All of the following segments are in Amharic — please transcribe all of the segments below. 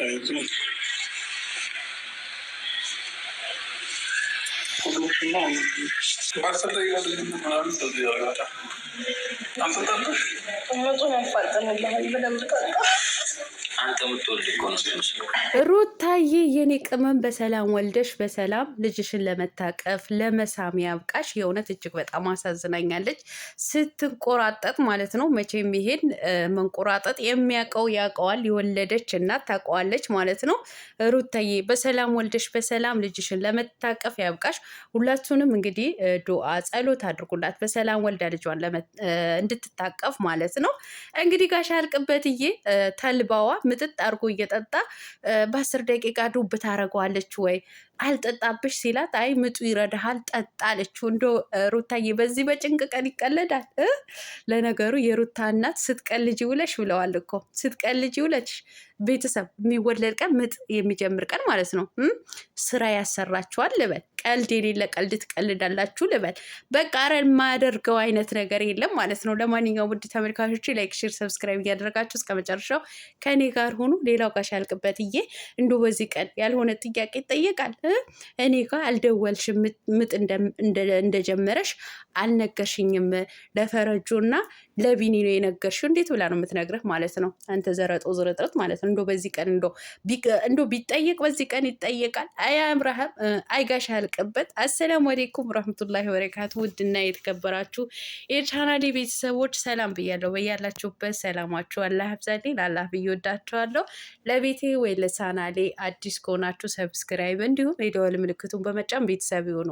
sevgi. Barcelona'da yürüdüğüm bunların da diyor ya. Anladın mı? Ama çok farkında. Ben de kanka. አንተ የምትወልድ እኮ ነው። ሩታዬ የኔ ቅመም በሰላም ወልደሽ በሰላም ልጅሽን ለመታቀፍ ለመሳም ያብቃሽ። የእውነት እጅግ በጣም አሳዝናኛለች ስትንቆራጠጥ ማለት ነው። መቼም ይሄን መንቆራጠጥ የሚያውቀው ያውቀዋል። የወለደች እናት ታውቀዋለች ማለት ነው። ሩታዬ በሰላም ወልደሽ በሰላም ልጅሽን ለመታቀፍ ያብቃሽ። ሁላችሁንም እንግዲህ ዱአ ጸሎት አድርጉላት በሰላም ወልዳ ልጇን እንድትታቀፍ ማለት ነው። እንግዲህ ጋሽ አልቅበትዬ ተልባዋ ምጥጥ አድርጎ እየጠጣ በአስር ደቂቃ ዱብ ታደርገዋለች ወይ አልጠጣብሽ ሲላት አይ ምጡ ይረዳሃል ጠጣ አለችው። እንዶ ሩታዬ በዚህ በጭንቅ ቀን ይቀለዳል? ለነገሩ የሩታ እናት ስትቀልጅ ውለሽ ብለዋል እኮ ስትቀልጅ ውለሽ ቤተሰብ የሚወለድ ቀን ምጥ የሚጀምር ቀን ማለት ነው። ስራ ያሰራችኋል ልበል፣ ቀልድ የሌለ ቀልድ ትቀልዳላችሁ ልበል። በቃ ኧረ የማያደርገው አይነት ነገር የለም ማለት ነው። ለማንኛውም ውድ ተመልካቾች ላይክ፣ ሼር፣ ሰብስክራይብ እያደረጋችሁ እስከ መጨረሻው ከእኔ ጋር ሆኑ። ሌላው ጋሽ ያልቅበት እዬ እንዶ በዚህ ቀን ያልሆነ ጥያቄ ይጠየቃል። እኔ ጋር አልደወልሽ ምጥ እንደጀመረሽ አልነገርሽኝም። ለፈረጁ እና ለቢኒ ነው የነገርሽው። እንዴት ብላ ነው የምትነግርህ ማለት ነው? አንተ ዘረጦ ዝርጥርት ማለት ነው። እንዶ በዚህ ቀን እንዶ እንዶ ቢጠየቅ በዚህ ቀን ይጠየቃል። አያምራህም። አይጋሽ ያልቅበት። አሰላሙ አሌይኩም ረህመቱላሂ ወበረካቱ። ውድና የተከበራችሁ የቻናሌ ቤተሰቦች ሰላም ብያለሁ። በያላችሁበት ሰላማችሁ አላህ ብዛልኝ። ላላህ ብዬ ወዳችኋለሁ። ለቤቴ ወይ ለቻናሌ አዲስ ከሆናችሁ ሰብስክራይብ እንዲሁም የደወል ምልክቱን በመጫን ቤተሰብ ይሁኑ።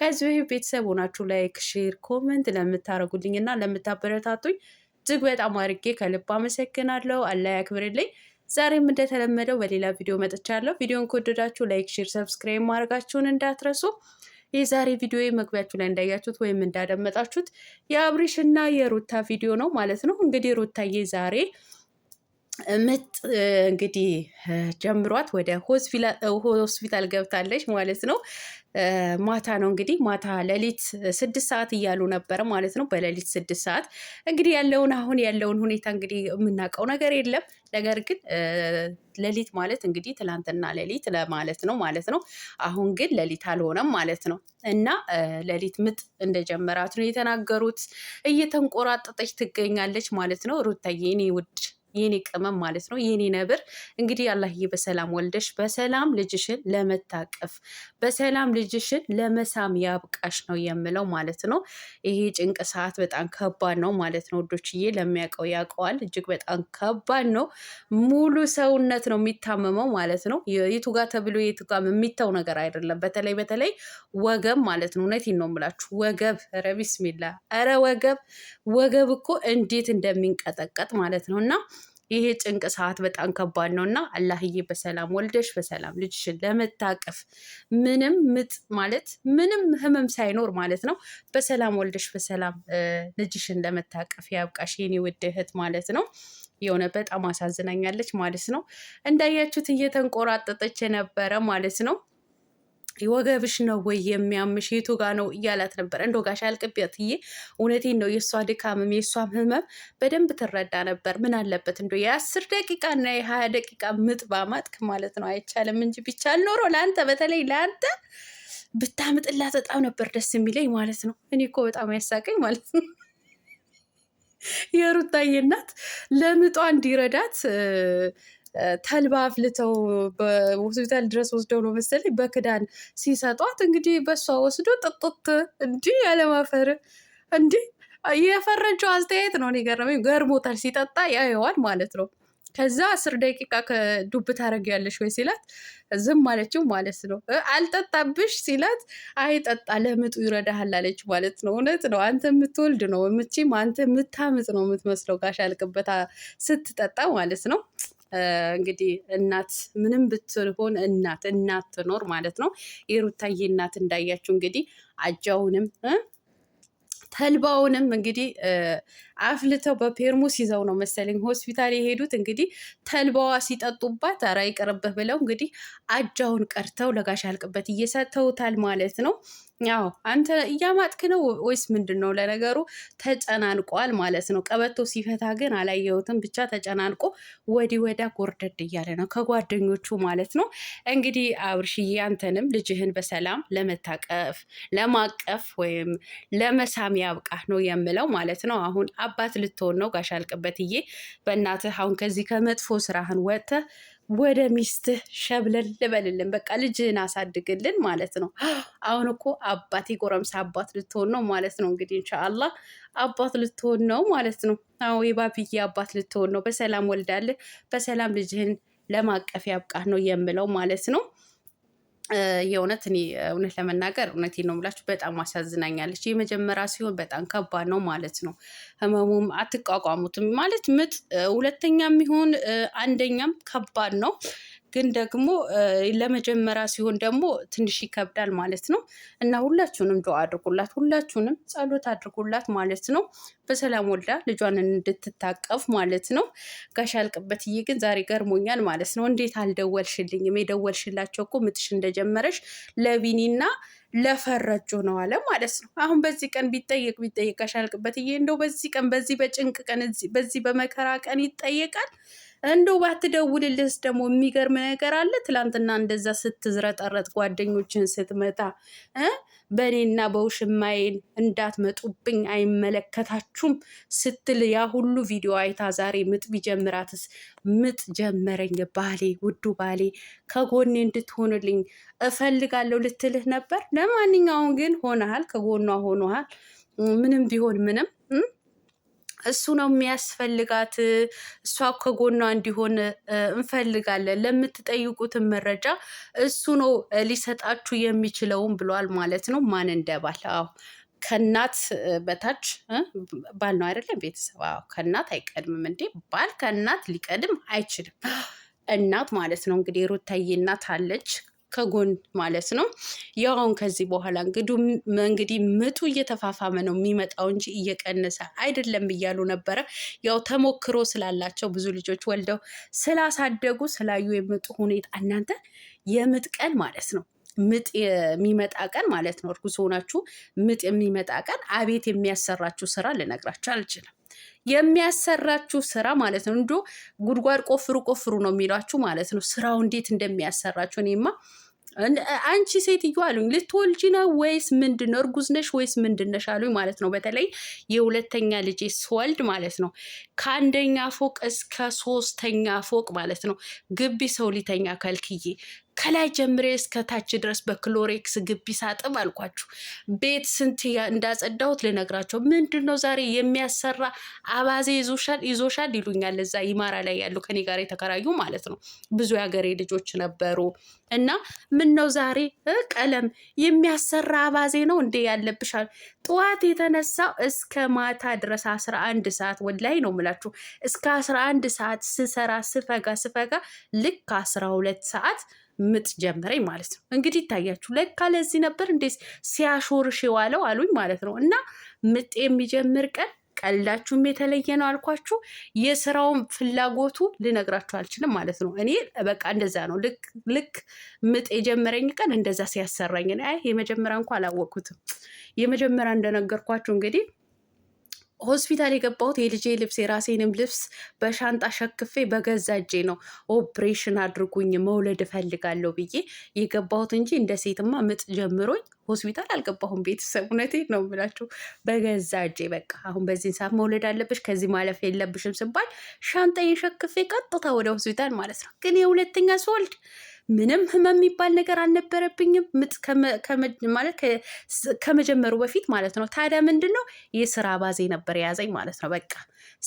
ከዚህ ቤተሰብ ሆናችሁ ላይክ፣ ሼር፣ ኮመንት ለምታደርጉልኝ እና ለምታበረታቱኝ እጅግ በጣም አድርጌ ከልብ አመሰግናለሁ። አላህ ያክብርልኝ። ዛሬም እንደተለመደው በሌላ ቪዲዮ መጥቻለሁ። ቪዲዮን ከወደዳችሁ ላይክ፣ ሼር፣ ሰብስክራይብ ማድረጋችሁን እንዳትረሱ። የዛሬ ቪዲዮ መግቢያችሁ ላይ እንዳያችሁት ወይም እንዳደመጣችሁት የአብሪሽ እና የሩታ ቪዲዮ ነው ማለት ነው። እንግዲህ ሩታዬ ዛሬ ምጥ እንግዲህ ጀምሯት ወደ ሆስፒታል ገብታለች ማለት ነው። ማታ ነው እንግዲህ ማታ ሌሊት ስድስት ሰዓት እያሉ ነበረ ማለት ነው። በሌሊት ስድስት ሰዓት እንግዲህ ያለውን አሁን ያለውን ሁኔታ እንግዲህ የምናውቀው ነገር የለም። ነገር ግን ሌሊት ማለት እንግዲህ ትላንትና ሌሊት ለማለት ነው ማለት ነው። አሁን ግን ሌሊት አልሆነም ማለት ነው እና ሌሊት ምጥ እንደጀመራት ነው የተናገሩት። እየተንቆራጠጠች ትገኛለች ማለት ነው ሩታዬ እኔ ውድ የኔ ቅመም ማለት ነው የኔ ነብር እንግዲህ አላህዬ በሰላም ወልደሽ በሰላም ልጅሽን ለመታቀፍ በሰላም ልጅሽን ለመሳም ያብቃሽ ነው የምለው ማለት ነው። ይሄ ጭንቅ ሰዓት በጣም ከባድ ነው ማለት ነው ወዶችዬ ለሚያውቀው ያውቀዋል፣ እጅግ በጣም ከባድ ነው። ሙሉ ሰውነት ነው የሚታመመው ማለት ነው። የቱ ጋ ተብሎ የቱ ጋ የሚተው ነገር አይደለም። በተለይ በተለይ ወገብ ማለት ነው። እውነት ነው የምላችሁ ወገብ፣ ኧረ ቢስሚላ፣ ኧረ ወገብ ወገብ እኮ እንዴት እንደሚንቀጠቀጥ ማለት ነው እና ይሄ ጭንቅ ሰዓት በጣም ከባድ ነው እና አላህዬ በሰላም ወልደሽ በሰላም ልጅሽን ለመታቀፍ ምንም ምጥ ማለት ምንም ህመም ሳይኖር ማለት ነው በሰላም ወልደሽ በሰላም ልጅሽን ለመታቀፍ ያብቃሽ የኔ ውድ እህት ማለት ነው። የሆነ በጣም አሳዝናኛለች ማለት ነው። እንዳያችሁት እየተንቆራጠጠች የነበረ ማለት ነው። ወገብሽ ነው ወይ የሚያምሽ? የቱ ጋ ነው እያላት ነበር። እንዶ ጋሽ አልቅቤትዬ እውነቴን ነው የእሷ ድካምም የእሷም ህመም በደንብ ትረዳ ነበር። ምን አለበት እንዶ የአስር ደቂቃ እና የሀያ ደቂቃ ምጥ ባማጥክ ማለት ነው። አይቻልም እንጂ ቢቻል ኖሮ ለአንተ በተለይ ለአንተ ብታምጥላት በጣም ነበር ደስ የሚለኝ ማለት ነው። እኔ እኮ በጣም ያሳቀኝ ማለት ነው የሩታዬ እናት ለምጧ እንዲረዳት ተልባ አፍልተው በሆስፒታል ድረስ ወስደው ነው መሰለኝ በክዳን ሲሰጧት፣ እንግዲህ በሷ ወስዶ ጥጡት እንዲህ ያለማፈር እንዲህ የፈረጀው አስተያየት ነው። እኔ ገርሞታል። ሲጠጣ ያየዋል ማለት ነው። ከዛ አስር ደቂቃ ከዱብ ታደርጊያለሽ ወይ ሲላት ዝም አለችው ማለት ነው። አልጠጣብሽ ሲላት አይጠጣ ለምጡ ይረዳሃል አለች ማለት ነው። እውነት ነው። አንተ የምትወልድ ነው ምቺም አንተ የምታምጥ ነው የምትመስለው ጋሽ አልቅበታ ስትጠጣ ማለት ነው። እንግዲህ እናት ምንም ብትሆን እናት እናት ትኖር ማለት ነው። የሩታዬ እናት እንዳያችሁ እንግዲህ አጃውንም ተልባውንም እንግዲህ አፍልተው በፔርሙስ ይዘው ነው መሰለኝ ሆስፒታል የሄዱት። እንግዲህ ተልባዋ ሲጠጡባት ኧረ ይቅርብህ ብለው እንግዲህ አጃውን ቀርተው ለጋሽ አልቅበት እየሰተውታል ማለት ነው። ያው አንተ እያማጥክ ነው ወይስ ምንድን ነው? ለነገሩ ተጨናንቋል ማለት ነው። ቀበቶ ሲፈታ ግን አላየሁትም። ብቻ ተጨናንቆ ወዲ ወዳ ጎርደድ እያለ ነው ከጓደኞቹ ማለት ነው። እንግዲህ አብርሽዬ አንተንም ልጅህን በሰላም ለመታቀፍ ለማቀፍ ወይም ለመሳም ያብቃ ነው የምለው ማለት ነው አሁን አባት ልትሆን ነው ጋሽ አልቅበትዬ። በእናትህ አሁን ከዚህ ከመጥፎ ስራህን ወጥተህ ወደ ሚስትህ ሸብለል ልበልልን፣ በቃ ልጅህን አሳድግልን ማለት ነው። አሁን እኮ አባት የጎረምሳ አባት ልትሆን ነው ማለት ነው። እንግዲህ እንሻአላ አባት ልትሆን ነው ማለት ነው። አዎ የባብዬ አባት ልትሆን ነው። በሰላም ወልዳልህ፣ በሰላም ልጅህን ለማቀፍ ያብቃህ ነው የምለው ማለት ነው። የእውነት እኔ እውነት ለመናገር እውነት ነው የምላችሁ፣ በጣም አሳዝናኛለች። የመጀመሪያ ሲሆን በጣም ከባድ ነው ማለት ነው። ህመሙም አትቋቋሙትም ማለት ምጥ፣ ሁለተኛም ይሁን አንደኛም ከባድ ነው። ግን ደግሞ ለመጀመሪያ ሲሆን ደግሞ ትንሽ ይከብዳል ማለት ነው እና ሁላችሁንም ዱዓ አድርጉላት፣ ሁላችሁንም ጸሎት አድርጉላት ማለት ነው። በሰላም ወልዳ ልጇን እንድትታቀፍ ማለት ነው። ጋሽ አልቅበትዬ ግን ዛሬ ገርሞኛል ማለት ነው። እንዴት አልደወልሽልኝም? የደወልሽላቸው እኮ ምትሽ እንደጀመረሽ ለቢኒና ለፈረጆ ነው አለ ማለት ነው። አሁን በዚህ ቀን ቢጠየቅ ቢጠየቅ ጋሽ አልቅበትዬ እንደው በዚህ ቀን በዚህ በጭንቅ ቀን በዚህ በመከራ ቀን ይጠየቃል። እንደው ባትደውልልህስ ደግሞ የሚገርም ነገር አለ። ትላንትና እንደዛ ስትዝረጠረጥ ጓደኞችን ስትመጣ በእኔና በውሽማዬን እንዳትመጡብኝ አይመለከታችሁም ስትል ያ ሁሉ ቪዲዮ አይታ ዛሬ ምጥ ቢጀምራትስ? ምጥ ጀመረኝ ባሌ፣ ውዱ ባሌ ከጎኔ እንድትሆንልኝ እፈልጋለሁ ልትልህ ነበር። ለማንኛውም ግን ሆነሃል፣ ከጎኗ ሆኖሃል። ምንም ቢሆን ምንም እሱ ነው የሚያስፈልጋት። እሷ ከጎኗ እንዲሆን እንፈልጋለን። ለምትጠይቁትን መረጃ እሱ ነው ሊሰጣችሁ የሚችለውም ብሏል ማለት ነው። ማን እንደባል? አዎ ከእናት በታች ባል ነው አይደለም? ቤተሰብ ከእናት አይቀድምም እንዴ? ባል ከእናት ሊቀድም አይችልም። እናት ማለት ነው እንግዲህ ሩታዬ እናት አለች። ከጎን ማለት ነው። ያውን ከዚህ በኋላ እንግዲህ ምቱ እየተፋፋመ ነው የሚመጣው እንጂ እየቀነሰ አይደለም እያሉ ነበረ። ያው ተሞክሮ ስላላቸው ብዙ ልጆች ወልደው ስላሳደጉ ስላዩ የምጡ ሁኔታ እናንተ የምጥ ቀን ማለት ነው ምጥ የሚመጣ ቀን ማለት ነው። እርጉዝ ሆናችሁ ምጥ የሚመጣ ቀን አቤት የሚያሰራችሁ ስራ ልነግራችሁ አልችልም። የሚያሰራችሁ ስራ ማለት ነው። እንዶ ጉድጓድ ቆፍሩ ቆፍሩ ነው የሚሏችሁ ማለት ነው። ስራው እንዴት እንደሚያሰራችሁ እኔማ አንቺ ሴትዮ አሉኝ ልትወልጂ ነው ወይስ ምንድን ነው? እርጉዝ ነሽ ወይስ ምንድን ነሽ አሉኝ ማለት ነው። በተለይ የሁለተኛ ልጄ ስወልድ ማለት ነው ከአንደኛ ፎቅ እስከ ሶስተኛ ፎቅ ማለት ነው ግቢ ሰው ሊተኛ ከልክዬ ከላይ ጀምሬ እስከ ታች ድረስ በክሎሬክስ ግቢ ሳጥብ አልኳችሁ። ቤት ስንት እንዳጸዳሁት ልነግራቸው። ምንድን ነው ዛሬ የሚያሰራ አባዜ ይዞሻል ይዞሻል ይሉኛል። እዛ ይማራ ላይ ያሉ ከኔ ጋር የተከራዩ ማለት ነው ብዙ የሀገሬ ልጆች ነበሩ። እና ምን ነው ዛሬ ቀለም የሚያሰራ አባዜ ነው እንዴ ያለብሻል? ጠዋት የተነሳው እስከ ማታ ድረስ አስራ አንድ ሰዓት ወላይ ነው ምላችሁ እስከ አስራ አንድ ሰዓት ስሰራ ስፈጋ ስፈጋ ልክ አስራ ሁለት ሰዓት ምጥ ጀመረኝ ማለት ነው። እንግዲህ ይታያችሁ ለካ ለዚህ ነበር እንዴ ሲያሾርሽ የዋለው አሉኝ ማለት ነው። እና ምጥ የሚጀምር ቀን ቀልዳችሁም የተለየ ነው አልኳችሁ። የስራውን ፍላጎቱ ልነግራችሁ አልችልም ማለት ነው። እኔ በቃ እንደዛ ነው። ልክ ምጥ የጀመረኝ ቀን እንደዛ ሲያሰራኝ፣ አይ የመጀመሪያ እንኳ አላወቅኩትም። የመጀመሪያ እንደነገርኳችሁ እንግዲህ ሆስፒታል የገባሁት የልጄ ልብስ የራሴንም ልብስ በሻንጣ ሸክፌ በገዛ እጄ ነው ኦፕሬሽን አድርጉኝ መውለድ እፈልጋለሁ ብዬ የገባሁት እንጂ እንደ ሴትማ ምጥ ጀምሮኝ ሆስፒታል አልገባሁም። ቤተሰብ እውነቴን ነው የምላችሁ፣ በገዛ እጄ በቃ አሁን በዚህን ሰዓት መውለድ አለብሽ ከዚህ ማለፍ የለብሽም ስባል ሻንጣ የሸክፌ ቀጥታ ወደ ሆስፒታል ማለት ነው። ግን የሁለተኛ ስወልድ ምንም ህመም የሚባል ነገር አልነበረብኝም። ምጥ ማለት ከመጀመሩ በፊት ማለት ነው። ታዲያ ምንድን ነው የስራ ባዜ ነበር የያዘኝ ማለት ነው። በቃ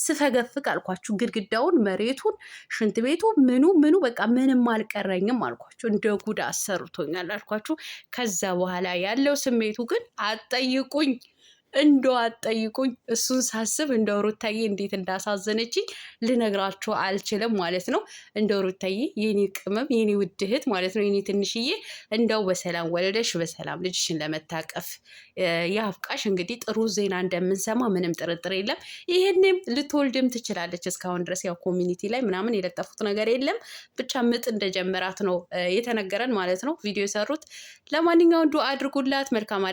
ስፈገፍግ አልኳችሁ፣ ግድግዳውን፣ መሬቱን፣ ሽንት ቤቱ ምኑ ምኑ በቃ ምንም አልቀረኝም አልኳችሁ። እንደ ጉድ አሰርቶኛል አልኳችሁ። ከዛ በኋላ ያለው ስሜቱ ግን አትጠይቁኝ። እንደው አትጠይቁኝ። እሱን ሳስብ እንደ ሩታዬ እንዴት እንዳሳዘነችኝ ልነግራችሁ አልችልም ማለት ነው። እንደ ሩታዬ የኔ ቅመም፣ የኔ ውድ እህት ማለት ነው፣ የኔ ትንሽዬ እንደው በሰላም ወለደሽ፣ በሰላም ልጅሽን ለመታቀፍ ያብቃሽ። እንግዲህ ጥሩ ዜና እንደምንሰማ ምንም ጥርጥር የለም። ይህንም ልትወልድም ትችላለች። እስካሁን ድረስ ያው ኮሚኒቲ ላይ ምናምን የለጠፉት ነገር የለም። ብቻ ምጥ እንደጀመራት ነው የተነገረን ማለት ነው ቪዲዮ የሰሩት። ለማንኛውም ዱአ አድርጉላት መልካም